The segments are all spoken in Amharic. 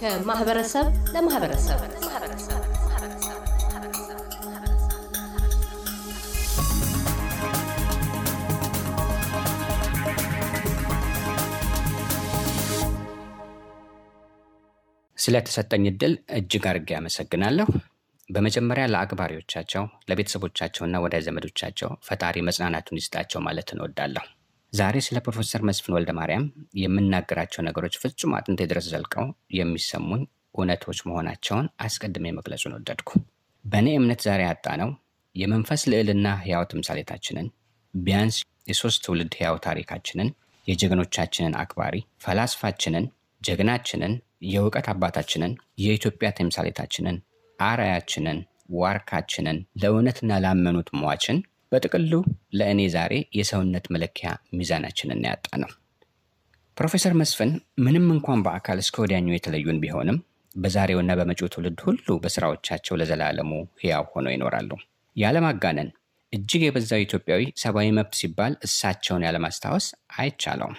ከማህበረሰብ ለማህበረሰብ ስለተሰጠኝ እድል እጅግ አድርጌ አመሰግናለሁ። በመጀመሪያ ለአክባሪዎቻቸው ለቤተሰቦቻቸውና ወዳጅ ዘመዶቻቸው ፈጣሪ መጽናናቱን ይስጣቸው ማለት እንወዳለሁ። ዛሬ ስለ ፕሮፌሰር መስፍን ወልደ ማርያም የምናገራቸው ነገሮች ፍጹም አጥንቴ ድረስ ዘልቀው የሚሰሙኝ እውነቶች መሆናቸውን አስቀድሜ መግለጹን ወደድኩ። በእኔ እምነት ዛሬ ያጣነው የመንፈስ ልዕልና ሕያው ተምሳሌታችንን ቢያንስ የሶስት ትውልድ ሕያው ታሪካችንን፣ የጀግኖቻችንን አክባሪ ፈላስፋችንን፣ ጀግናችንን፣ የእውቀት አባታችንን፣ የኢትዮጵያ ተምሳሌታችንን አርአያችንን፣ ዋርካችንን ለእውነትና ላመኑት ሟችን በጥቅሉ ለእኔ ዛሬ የሰውነት መለኪያ ሚዛናችንን ያጣ ነው። ፕሮፌሰር መስፍን ምንም እንኳን በአካል እስከ ወዲያኛው የተለዩን ቢሆንም በዛሬውና በመጪው ትውልድ ሁሉ በስራዎቻቸው ለዘላለሙ ሕያው ሆነው ይኖራሉ። ያለማጋነን እጅግ የበዛው ኢትዮጵያዊ ሰብአዊ መብት ሲባል እሳቸውን ያለማስታወስ አይቻለውም።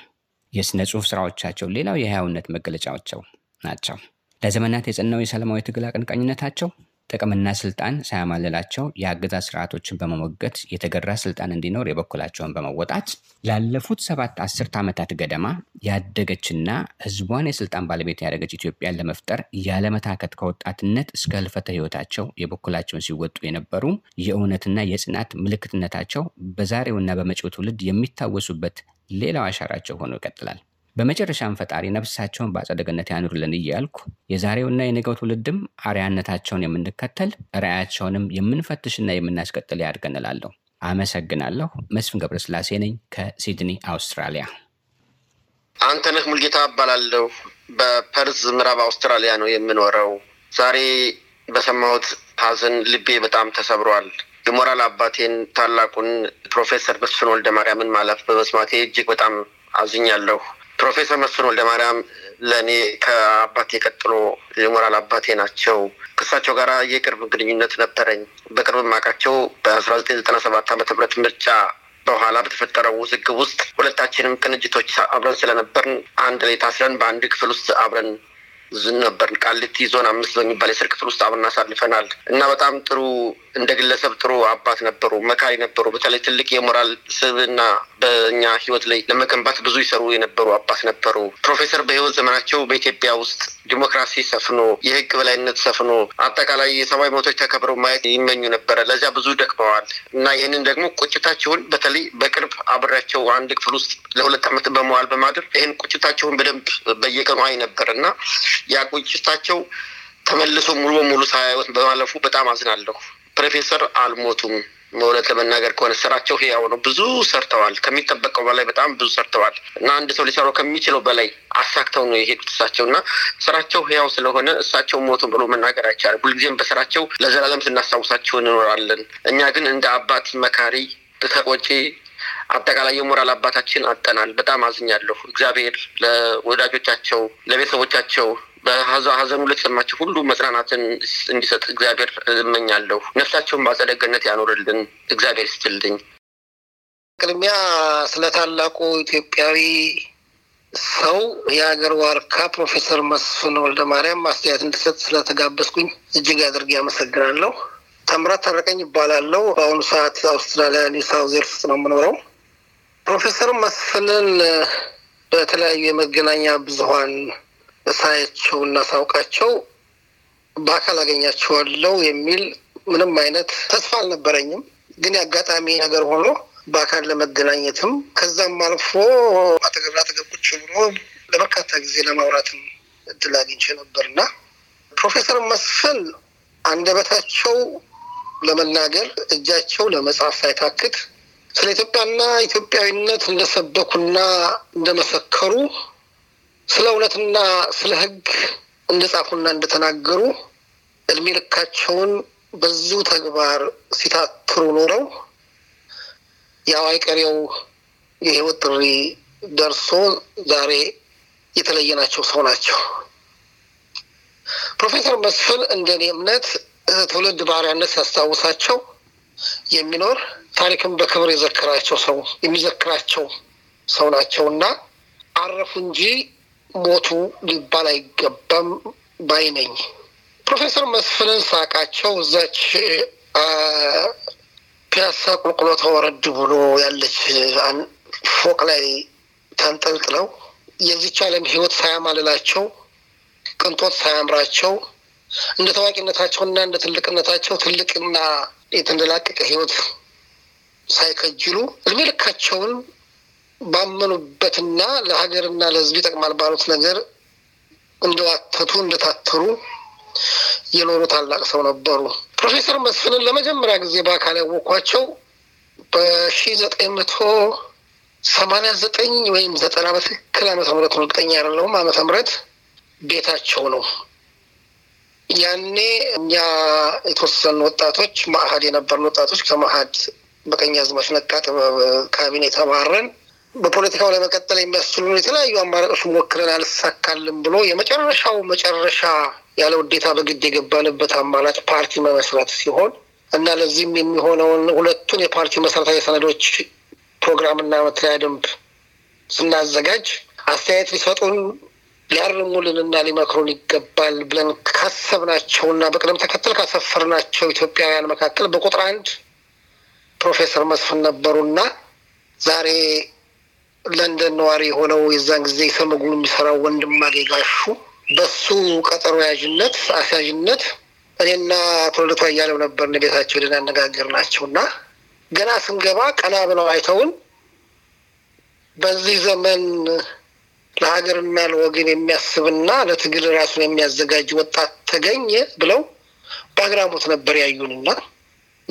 የሥነ ጽሑፍ ስራዎቻቸው ሌላው የሕያውነት መገለጫቸው ናቸው። ለዘመናት የጸናው የሰላማዊ ትግል አቀንቃኝነታቸው ጥቅምና ስልጣን ሳያማልላቸው የአገዛዝ ስርዓቶችን በመሞገት የተገራ ስልጣን እንዲኖር የበኩላቸውን በመወጣት ላለፉት ሰባት አስርት ዓመታት ገደማ ያደገችና ህዝቧን የስልጣን ባለቤት ያደረገች ኢትዮጵያን ለመፍጠር ያለመታከት ከወጣትነት እስከ ህልፈተ ህይወታቸው የበኩላቸውን ሲወጡ የነበሩ የእውነትና የጽናት ምልክትነታቸው በዛሬውና በመጪው ትውልድ የሚታወሱበት ሌላው አሻራቸው ሆኖ ይቀጥላል። በመጨረሻም ፈጣሪ ነፍሳቸውን በአጸደ ገነት ያኑርልን እያልኩ የዛሬውና የነገው ትውልድም አርያነታቸውን የምንከተል ራያቸውንም የምንፈትሽና የምናስቀጥል ያድገንላለሁ። አመሰግናለሁ። መስፍን ገብረስላሴ ነኝ ከሲድኒ አውስትራሊያ። አንተነህ ሙልጌታ እባላለሁ። በፐርዝ ምዕራብ አውስትራሊያ ነው የምኖረው። ዛሬ በሰማሁት ሀዘን ልቤ በጣም ተሰብሯል። የሞራል አባቴን ታላቁን ፕሮፌሰር መስፍን ወልደ ማርያምን ማለፍ በመስማቴ እጅግ በጣም አዝኛለሁ። ፕሮፌሰር መስፍን ወልደማርያም ለእኔ ከአባቴ ቀጥሎ የሞራል አባቴ ናቸው። ከእሳቸው ጋር የቅርብ ግንኙነት ነበረኝ። በቅርብ ማቃቸው በአስራ ዘጠኝ ዘጠና ሰባት ዓመተ ምህረት ምርጫ በኋላ በተፈጠረው ውዝግብ ውስጥ ሁለታችንም ቅንጅቶች አብረን ስለነበርን አንድ ላይ ታስረን በአንድ ክፍል ውስጥ አብረን ዝን ነበርን። ቃሊቲ ዞን አምስት በሚባል የስር ክፍል ውስጥ አብረን አሳልፈናል እና በጣም ጥሩ እንደ ግለሰብ ጥሩ አባት ነበሩ፣ መካሪ ነበሩ። በተለይ ትልቅ የሞራል ስብዕና በእኛ ህይወት ላይ ለመገንባት ብዙ ይሰሩ የነበሩ አባት ነበሩ። ፕሮፌሰር በህይወት ዘመናቸው በኢትዮጵያ ውስጥ ዲሞክራሲ ሰፍኖ የህግ በላይነት ሰፍኖ አጠቃላይ የሰብአዊ መብቶች ተከብረው ማየት ይመኙ ነበረ። ለዚያ ብዙ ደክመዋል እና ይህንን ደግሞ ቁጭታቸውን በተለይ በቅርብ አብሬያቸው አንድ ክፍል ውስጥ ለሁለት ዓመት በመዋል በማደር ይህን ቁጭታቸውን በደንብ በየቀኑ አይ ነበር እና ያ ቁጭታቸው ተመልሶ ሙሉ በሙሉ ሳያዩት በማለፉ በጣም አዝናለሁ። ፕሮፌሰር አልሞቱም። በእውነት ለመናገር ከሆነ ስራቸው ህያው ነው። ብዙ ሰርተዋል፣ ከሚጠበቀው በላይ በጣም ብዙ ሰርተዋል እና አንድ ሰው ሊሰራው ከሚችለው በላይ አሳክተው ነው የሄዱት እሳቸው እና ስራቸው ህያው ስለሆነ እሳቸው ሞቱም ብሎ መናገር አይቻልም። ሁልጊዜም በስራቸው ለዘላለም ስናስታውሳቸው እንኖራለን። እኛ ግን እንደ አባት መካሪ፣ ተቆጪ፣ አጠቃላይ የሞራል አባታችን አጠናል። በጣም አዝኛለሁ። እግዚአብሔር ለወዳጆቻቸው፣ ለቤተሰቦቻቸው በሀዘኑ ለተሰማቸው ሁሉ መጽናናትን እንዲሰጥ እግዚአብሔር እመኛለሁ። ነፍሳቸውን በአጸደ ገነት ያኖርልን እግዚአብሔር ይስጥልኝ። ቅድሚያ ስለ ታላቁ ኢትዮጵያዊ ሰው የሀገር ዋርካ ፕሮፌሰር መስፍን ወልደ ማርያም ማስተያየት እንድሰጥ ስለተጋበዝኩኝ እጅግ አድርጌ አመሰግናለሁ። ተምራት ታረቀኝ ይባላለው። በአሁኑ ሰዓት አውስትራሊያ ኒው ሳውዝ ዌልስ ውስጥ ነው የምኖረው። ፕሮፌሰር መስፍንን በተለያዩ የመገናኛ ብዙኃን ሳያቸው እና ሳውቃቸው በአካል አገኛቸዋለሁ የሚል ምንም አይነት ተስፋ አልነበረኝም። ግን የአጋጣሚ ነገር ሆኖ በአካል ለመገናኘትም ከዛም አልፎ አጠገብ አጠገብ ብሎ ለበርካታ ጊዜ ለማውራትም እድል አግኝቼ ነበር እና ፕሮፌሰር መስፍን አንደበታቸው ለመናገር እጃቸው ለመጻፍ ሳይታክት ስለ ኢትዮጵያና ኢትዮጵያዊነት እንደሰበኩና እንደመሰከሩ ስለ እውነትና ስለ ህግ እንደጻፉና እንደተናገሩ እድሜ ልካቸውን በዙ ተግባር ሲታትሩ ኖረው ያው አይቀሬው የህይወት ጥሪ ደርሶ ዛሬ የተለየናቸው ሰው ናቸው። ፕሮፌሰር መስፍን እንደ እኔ እምነት ትውልድ ባሪያነት ሲያስታውሳቸው የሚኖር ታሪክም በክብር የዘከራቸው ሰው የሚዘክራቸው ሰው ናቸው እና አረፉ እንጂ ሞቱ ሊባል አይገባም ባይ ነኝ። ፕሮፌሰር መስፍንን ሳቃቸው እዛች ፒያሳ ቁልቁሎ ተወረድ ብሎ ያለች ፎቅ ላይ ተንጠልጥለው የዚች ዓለም ሕይወት ሳያማልላቸው ቅንጦት ሳያምራቸው እንደ ታዋቂነታቸውና እንደ ትልቅነታቸው ትልቅና የተንደላቀቀ ሕይወት ሳይከጅሉ እድሜ ልካቸውን ባመኑበትና ለሀገርና ለሕዝብ ይጠቅማል ባሉት ነገር እንደዋተቱ እንደታተሩ የኖሩ ታላቅ ሰው ነበሩ። ፕሮፌሰር መስፍንን ለመጀመሪያ ጊዜ በአካል ያወኳቸው በሺ ዘጠኝ መቶ ሰማንያ ዘጠኝ ወይም ዘጠና በትክክል ዓመተ ምህረት ነው፣ እርግጠኛ አይደለሁም። ዓመተ ቤታቸው ነው። ያኔ እኛ የተወሰኑ ወጣቶች ማዕሀድ የነበርን ወጣቶች ከማዕሀድ በቀኝ አዝማች ነቃ ጥበብ ካቢኔ ተባረን በፖለቲካው ለመቀጠል የሚያስችሉ የተለያዩ አማራጮች ሞክረን አልሳካልም ብሎ የመጨረሻው መጨረሻ ያለ ውዴታ በግድ የገባንበት አማራጭ ፓርቲ መመስረት ሲሆን እና ለዚህም የሚሆነውን ሁለቱን የፓርቲ መሰረታዊ ሰነዶች ፕሮግራምና መትለያ ደንብ ስናዘጋጅ አስተያየት ሊሰጡን ሊያርሙልን እና ሊመክሩን ይገባል ብለን ካሰብናቸው እና በቅደም ተከተል ካሰፈርናቸው ኢትዮጵያውያን መካከል በቁጥር አንድ ፕሮፌሰር መስፍን ነበሩና ዛሬ ለንደን ነዋሪ የሆነው የዛን ጊዜ ከምግቡ የሚሰራው ወንድማገ ጋሹ በሱ ቀጠሮ ያዥነት አስያዥነት እኔና አቶ ልደቱ አያሌው ነበር ቤታቸው ሄደን ናቸው እና ገና ስንገባ ቀና ብለው አይተውን በዚህ ዘመን ለሀገርና ለወገን የሚያስብና ለትግል ራሱን የሚያዘጋጅ ወጣት ተገኘ ብለው በአግራሞት ነበር ያዩንና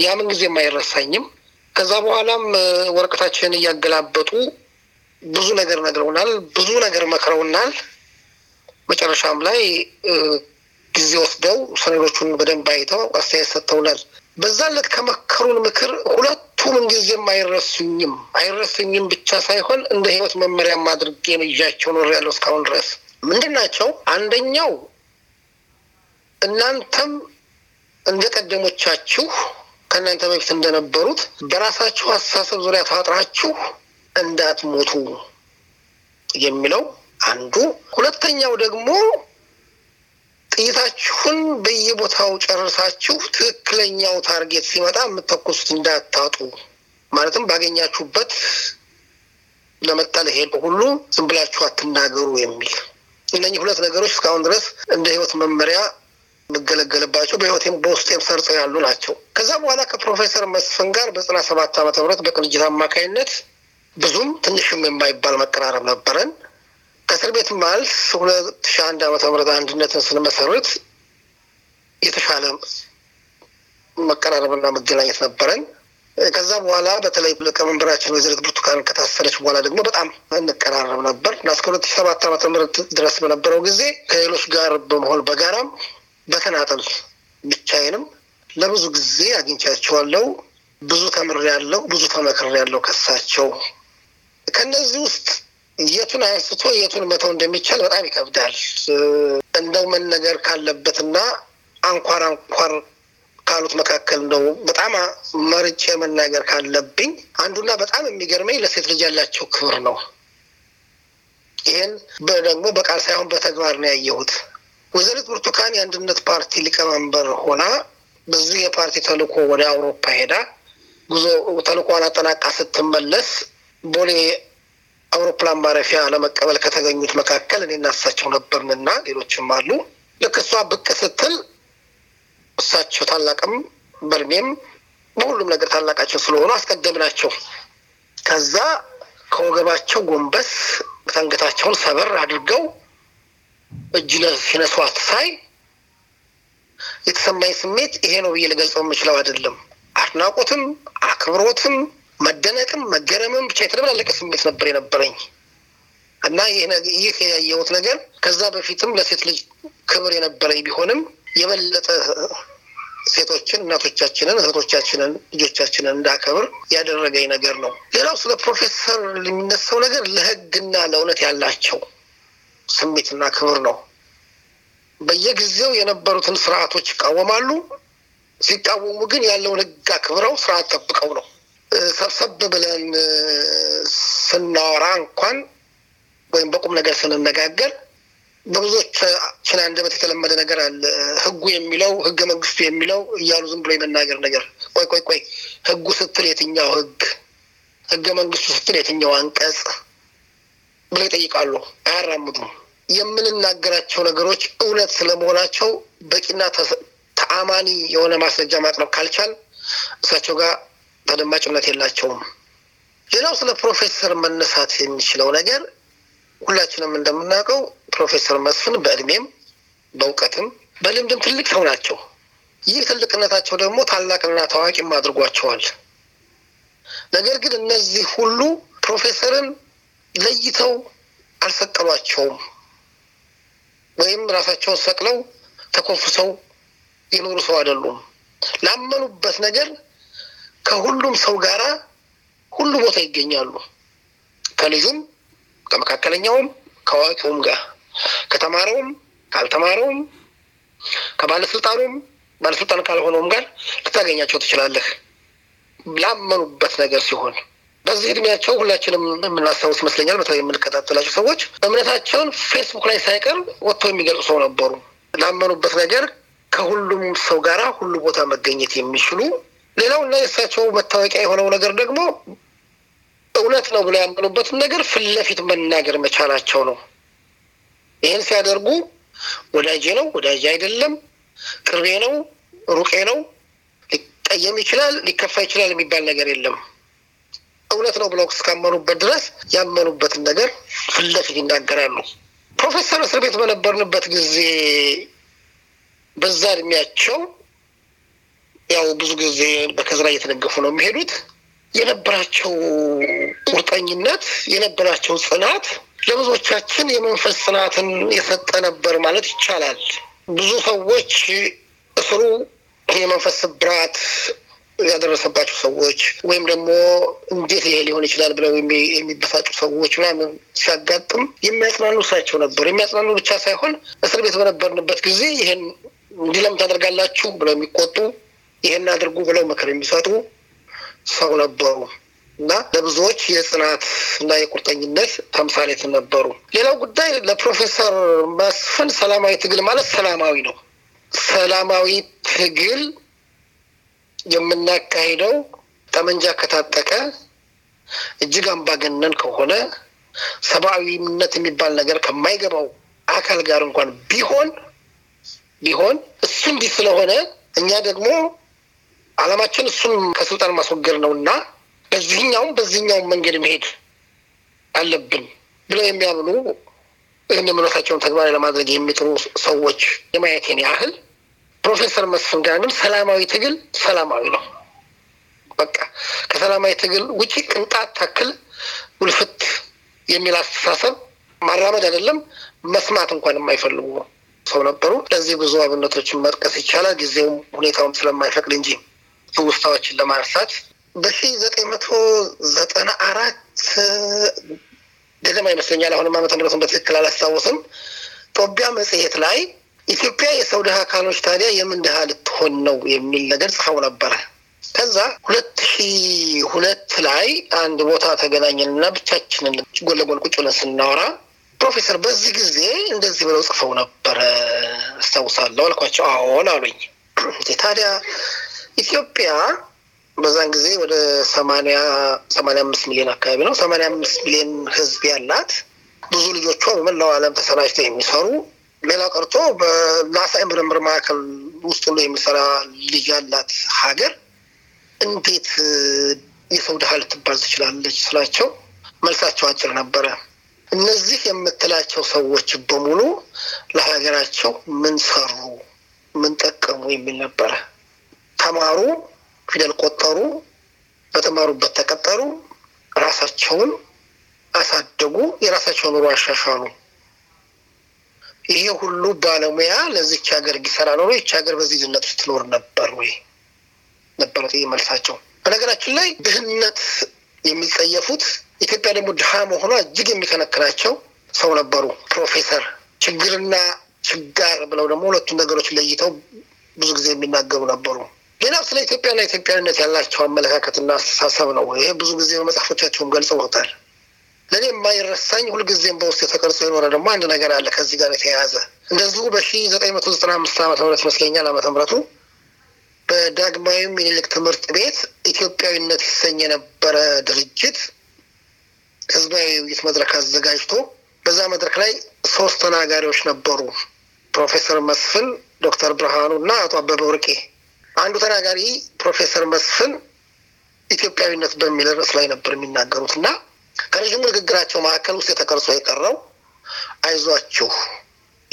ያምን ምንጊዜም አይረሳኝም። ከዛ በኋላም ወረቀታችንን እያገላበጡ ብዙ ነገር ነግረውናል፣ ብዙ ነገር መክረውናል። መጨረሻም ላይ ጊዜ ወስደው ሰነዶቹን በደንብ አይተው አስተያየት ሰጥተውናል። በዛ ዕለት ከመከሩን ምክር ሁለቱም ምንጊዜም አይረሱኝም። አይረሱኝም ብቻ ሳይሆን እንደ ህይወት መመሪያም አድርጌ ኖር ያለው እስካሁን ድረስ። ምንድን ናቸው? አንደኛው እናንተም እንደ ቀደሞቻችሁ ከእናንተ በፊት እንደነበሩት በራሳችሁ አስተሳሰብ ዙሪያ ታጥራችሁ እንዳትሞቱ የሚለው አንዱ። ሁለተኛው ደግሞ ጥይታችሁን በየቦታው ጨርሳችሁ ትክክለኛው ታርጌት ሲመጣ የምትተኩሱት እንዳታጡ፣ ማለትም ባገኛችሁበት ለመጣል ሄዱ ሁሉ ዝም ብላችሁ አትናገሩ የሚል እነኚህ ሁለት ነገሮች እስካሁን ድረስ እንደ ህይወት መመሪያ የምገለገልባቸው በህይወቴም በውስጤም ሰርጸው ያሉ ናቸው። ከዛ በኋላ ከፕሮፌሰር መስፍን ጋር በጽና ሰባት ዓመተ ምህረት በቅንጅት አማካኝነት ብዙም ትንሽም የማይባል መቀራረብ ነበረን። ከእስር ቤት ማልፍ ሁለት ሺ አንድ ዓመተ ምህረት አንድነትን ስንመሰርት የተሻለ መቀራረብና መገናኘት ነበረን። ከዛ በኋላ በተለይ ሊቀመንበራችን ወይዘሪት ብርቱካን ከታሰረች በኋላ ደግሞ በጣም እንቀራረብ ነበር እና እስከ ሁለት ሰባት ዓመተ ምህረት ድረስ በነበረው ጊዜ ከሌሎች ጋር በመሆን በጋራም በተናጠል ብቻዬንም ለብዙ ጊዜ አግኝቻቸዋለሁ። ብዙ ተምሬያለሁ። ብዙ ተመክሬያለሁ ከሳቸው ከእነዚህ ውስጥ የቱን አንስቶ የቱን መተው እንደሚቻል በጣም ይከብዳል። እንደው መነገር ካለበትና አንኳር አንኳር ካሉት መካከል እንደው በጣም መርጬ መናገር ካለብኝ አንዱና በጣም የሚገርመኝ ለሴት ልጅ ያላቸው ክብር ነው። ይህን ደግሞ በቃል ሳይሆን በተግባር ነው ያየሁት። ወይዘሪት ብርቱካን የአንድነት ፓርቲ ሊቀመንበር ሆና ብዙ የፓርቲ ተልእኮ ወደ አውሮፓ ሄዳ ጉዞ ተልእኮዋን አጠናቃ ስትመለስ ቦሌ አውሮፕላን ማረፊያ ለመቀበል ከተገኙት መካከል እኔ እናሳቸው ነበርንና ሌሎችም አሉ። ልክ እሷ ብቅ ስትል እሳቸው ታላቅም በእድሜም በሁሉም ነገር ታላቃቸው ስለሆኑ አስቀደምናቸው። ከዛ ከወገባቸው ጎንበስ አንገታቸውን ሰበር አድርገው እጅ ሲነሷት ሳይ የተሰማኝ ስሜት ይሄ ነው ብዬ ልገልጸው የምችለው አይደለም። አድናቆትም አክብሮትም መደነቅም መገረምም ብቻ የተደበላለቀ ስሜት ነበር የነበረኝ እና ይህ ያየሁት ነገር ከዛ በፊትም ለሴት ልጅ ክብር የነበረኝ ቢሆንም የበለጠ ሴቶችን እናቶቻችንን፣ እህቶቻችንን፣ ልጆቻችንን እንዳከብር ያደረገኝ ነገር ነው። ሌላው ስለ ፕሮፌሰር የሚነሳው ነገር ለሕግና ለእውነት ያላቸው ስሜትና ክብር ነው። በየጊዜው የነበሩትን ስርዓቶች ይቃወማሉ። ሲቃወሙ ግን ያለውን ሕግ አክብረው ስርዓት ጠብቀው ነው ሰብሰብ ብለን ስናወራ እንኳን ወይም በቁም ነገር ስንነጋገር በብዙዎቻችን አንደበት የተለመደ ነገር አለ። ህጉ የሚለው ህገ መንግስቱ የሚለው እያሉ ዝም ብሎ የመናገር ነገር። ቆይ ቆይ ቆይ፣ ህጉ ስትል የትኛው ህግ፣ ህገ መንግስቱ ስትል የትኛው አንቀጽ ብሎ ይጠይቃሉ። አያራምዱም። የምንናገራቸው ነገሮች እውነት ስለመሆናቸው በቂና ተአማኒ የሆነ ማስረጃ ማቅረብ ካልቻል እሳቸው ጋር ተደማጭነት የላቸውም። ሌላው ስለ ፕሮፌሰር መነሳት የሚችለው ነገር ሁላችንም እንደምናውቀው ፕሮፌሰር መስፍን በእድሜም በእውቀትም በልምድም ትልቅ ሰው ናቸው። ይህ ትልቅነታቸው ደግሞ ታላቅና ታዋቂም አድርጓቸዋል። ነገር ግን እነዚህ ሁሉ ፕሮፌሰርን ለይተው አልሰቀሏቸውም ወይም ራሳቸውን ሰቅለው ተኮፍሰው የኖሩ ሰው አይደሉም። ላመኑበት ነገር ከሁሉም ሰው ጋራ ሁሉ ቦታ ይገኛሉ። ከልጁም፣ ከመካከለኛውም፣ ከአዋቂውም ጋር ከተማረውም፣ ካልተማረውም፣ ከባለስልጣኑም፣ ባለስልጣን ካልሆነውም ጋር ልታገኛቸው ትችላለህ። ላመኑበት ነገር ሲሆን በዚህ እድሜያቸው ሁላችንም የምናስታውስ ይመስለኛል። በተለይ የምንከታተላቸው ሰዎች እምነታቸውን ፌስቡክ ላይ ሳይቀር ወጥተው የሚገልጹ ሰው ነበሩ። ላመኑበት ነገር ከሁሉም ሰው ጋራ ሁሉ ቦታ መገኘት የሚችሉ ሌላው እና የእሳቸው መታወቂያ የሆነው ነገር ደግሞ እውነት ነው ብለው ያመኑበትን ነገር ፊት ለፊት መናገር መቻላቸው ነው። ይህን ሲያደርጉ ወዳጄ ነው፣ ወዳጄ አይደለም፣ ቅርቤ ነው፣ ሩቄ ነው፣ ሊጠየም ይችላል፣ ሊከፋ ይችላል የሚባል ነገር የለም። እውነት ነው ብለው እስካመኑበት ድረስ ያመኑበትን ነገር ፊት ለፊት ይናገራሉ። ፕሮፌሰር እስር ቤት በነበርንበት ጊዜ በዛ እድሜያቸው ያው ብዙ ጊዜ ላይ እየተደገፉ ነው የሚሄዱት። የነበራቸው ቁርጠኝነት፣ የነበራቸው ጽናት ለብዙዎቻችን የመንፈስ ጽናትን የሰጠ ነበር ማለት ይቻላል። ብዙ ሰዎች እስሩ የመንፈስ ስብራት ያደረሰባቸው ሰዎች ወይም ደግሞ እንዴት ይሄ ሊሆን ይችላል ብለው የሚበሳጩ ሰዎች ምናምን ሲያጋጥም የሚያጽናኑ እሳቸው ነበር። የሚያጽናኑ ብቻ ሳይሆን እስር ቤት በነበርንበት ጊዜ ይህን እንዲህ ታደርጋላችሁ ብለው የሚቆጡ ይህን አድርጉ ብለው ምክር የሚሰጡ ሰው ነበሩ እና ለብዙዎች የጽናት እና የቁርጠኝነት ተምሳሌት ነበሩ። ሌላው ጉዳይ ለፕሮፌሰር መስፍን ሰላማዊ ትግል ማለት ሰላማዊ ነው። ሰላማዊ ትግል የምናካሄደው ጠመንጃ ከታጠቀ እጅግ አምባገነን ከሆነ ሰብአዊነት የሚባል ነገር ከማይገባው አካል ጋር እንኳን ቢሆን ቢሆን እሱ እንዲህ ስለሆነ እኛ ደግሞ አላማችን እሱን ከስልጣን ማስወገድ ነው እና በዚህኛውም በዚህኛውም መንገድ መሄድ አለብን ብለው የሚያምኑ ይህን እምነታቸውን ተግባራዊ ለማድረግ የሚጥሩ ሰዎች የማየቴን ያህል ፕሮፌሰር መስፍን ጋር ሰላማዊ ትግል ሰላማዊ ነው። በቃ ከሰላማዊ ትግል ውጭ ቅንጣት ታክል ውልፍት የሚል አስተሳሰብ ማራመድ አይደለም መስማት እንኳን የማይፈልጉ ሰው ነበሩ። ለዚህ ብዙ አብነቶችን መጥቀስ ይቻላል፣ ጊዜውም ሁኔታውም ስለማይፈቅድ እንጂ ትውስታዎችን ለማንሳት በሺ ዘጠኝ መቶ ዘጠና አራት ገደማ ይመስለኛል። አሁንም ዓመተ ምሕረቱን በትክክል አላስታውስም። ጦቢያ መጽሔት ላይ ኢትዮጵያ የሰው ድሃ ካሎች ታዲያ የምን ድሃ ልትሆን ነው የሚል ነገር ጽፈው ነበረ። ከዛ ሁለት ሺ ሁለት ላይ አንድ ቦታ ተገናኘንና ብቻችንን ጎን ለጎን ቁጭ ብለን ስናወራ ፕሮፌሰር በዚህ ጊዜ እንደዚህ ብለው ጽፈው ነበረ አስታውሳለሁ አልኳቸው። አዎን አሉኝ። ታዲያ ኢትዮጵያ በዛን ጊዜ ወደ ሰማኒያ ሰማኒያ አምስት ሚሊዮን አካባቢ ነው ሰማኒያ አምስት ሚሊዮን ህዝብ ያላት ብዙ ልጆቿ በመላው ዓለም ተሰራጭተው የሚሰሩ ሌላ ቀርቶ በናሳ ምርምር ማዕከል ውስጥ ሁሉ የሚሰራ ልጅ ያላት ሀገር እንዴት የሰው ድሃ ልትባል ትችላለች ስላቸው መልሳቸው አጭር ነበረ። እነዚህ የምትላቸው ሰዎች በሙሉ ለሀገራቸው ምን ሰሩ፣ ምን ጠቀሙ የሚል ነበረ። ተማሩ፣ ፊደል ቆጠሩ፣ በተማሩበት ተቀጠሩ፣ ራሳቸውን አሳደጉ፣ የራሳቸውን ኑሮ አሻሻሉ። ይሄ ሁሉ ባለሙያ ለዚች ሀገር ቢሰራ ኖሮ ይች ሀገር በዚህ ድህነት ውስጥ ትኖር ነበር ወይ? ነበር መልሳቸው። በነገራችን ላይ ድህነት የሚጸየፉት ኢትዮጵያ ደግሞ ድሃ መሆኗ እጅግ የሚከነክናቸው ሰው ነበሩ። ፕሮፌሰር ችግርና ችጋር ብለው ደግሞ ሁለቱን ነገሮች ለይተው ብዙ ጊዜ የሚናገሩ ነበሩ። ሌላው ስለ ኢትዮጵያና ኢትዮጵያዊነት ያላቸው አመለካከትና አስተሳሰብ ነው። ይሄ ብዙ ጊዜ በመጽሐፎቻቸውም ገልጸውታል። ለእኔ የማይረሳኝ ሁልጊዜም በውስጥ የተቀርጾ የኖረ ደግሞ አንድ ነገር አለ ከዚህ ጋር የተያያዘ እንደዚሁ በሺ ዘጠኝ መቶ ዘጠና አምስት ዓመተ ምህረት ይመስለኛል ዓመተ ምህረቱ በዳግማዊ ምኒልክ ትምህርት ቤት ኢትዮጵያዊነት ይሰኝ የነበረ ድርጅት ህዝባዊ ውይይት መድረክ አዘጋጅቶ በዛ መድረክ ላይ ሶስት ተናጋሪዎች ነበሩ። ፕሮፌሰር መስፍን፣ ዶክተር ብርሃኑ እና አቶ አበበ ወርቄ አንዱ ተናጋሪ ፕሮፌሰር መስፍን ኢትዮጵያዊነት በሚል ርዕስ ላይ ነበር የሚናገሩት እና ከረዥሙ ንግግራቸው መካከል ውስጥ የተቀርጾ የቀረው አይዟችሁ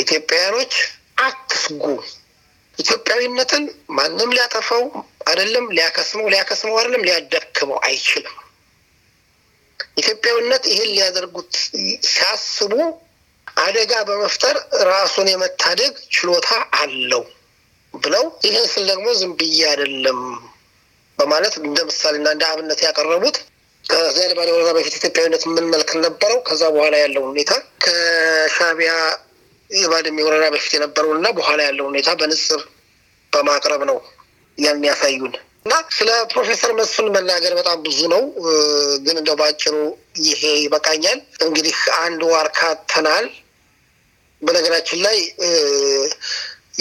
ኢትዮጵያውያኖች አትስጉ፣ ኢትዮጵያዊነትን ማንም ሊያጠፋው አይደለም ሊያከስመው ሊያከስመው አይደለም ሊያዳክመው አይችልም። ኢትዮጵያዊነት ይህን ሊያደርጉት ሲያስቡ አደጋ በመፍጠር ራሱን የመታደግ ችሎታ አለው። ብለው ይህን ስል ደግሞ ዝም ብዬ አይደለም በማለት እንደ ምሳሌና እንደ አብነት ያቀረቡት ከዚያድ ባለ በፊት ኢትዮጵያዊነት ምን መልክ ነበረው፣ ከዛ በኋላ ያለው ሁኔታ ከሻቢያ የባድሜ ወረራ በፊት የነበረው እና በኋላ ያለው ሁኔታ በንጽር በማቅረብ ነው ያን ያሳዩን እና ስለ ፕሮፌሰር መስፍን መናገር በጣም ብዙ ነው፣ ግን እንደው በአጭሩ ይሄ ይበቃኛል። እንግዲህ አንድ ዋርካ ተናል በነገራችን ላይ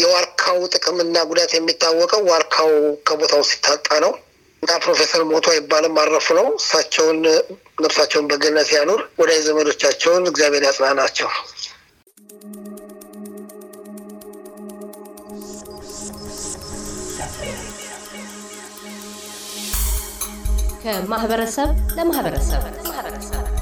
የዋርካው ጥቅምና ጉዳት የሚታወቀው ዋርካው ከቦታው ሲታጣ ነው እና ፕሮፌሰር ሞቶ አይባልም አረፉ ነው። እሳቸውን ነፍሳቸውን በገነት ያኑር። ወዳጅ ዘመዶቻቸውን እግዚአብሔር ያጽናናቸው። ከማህበረሰብ ለማህበረሰብ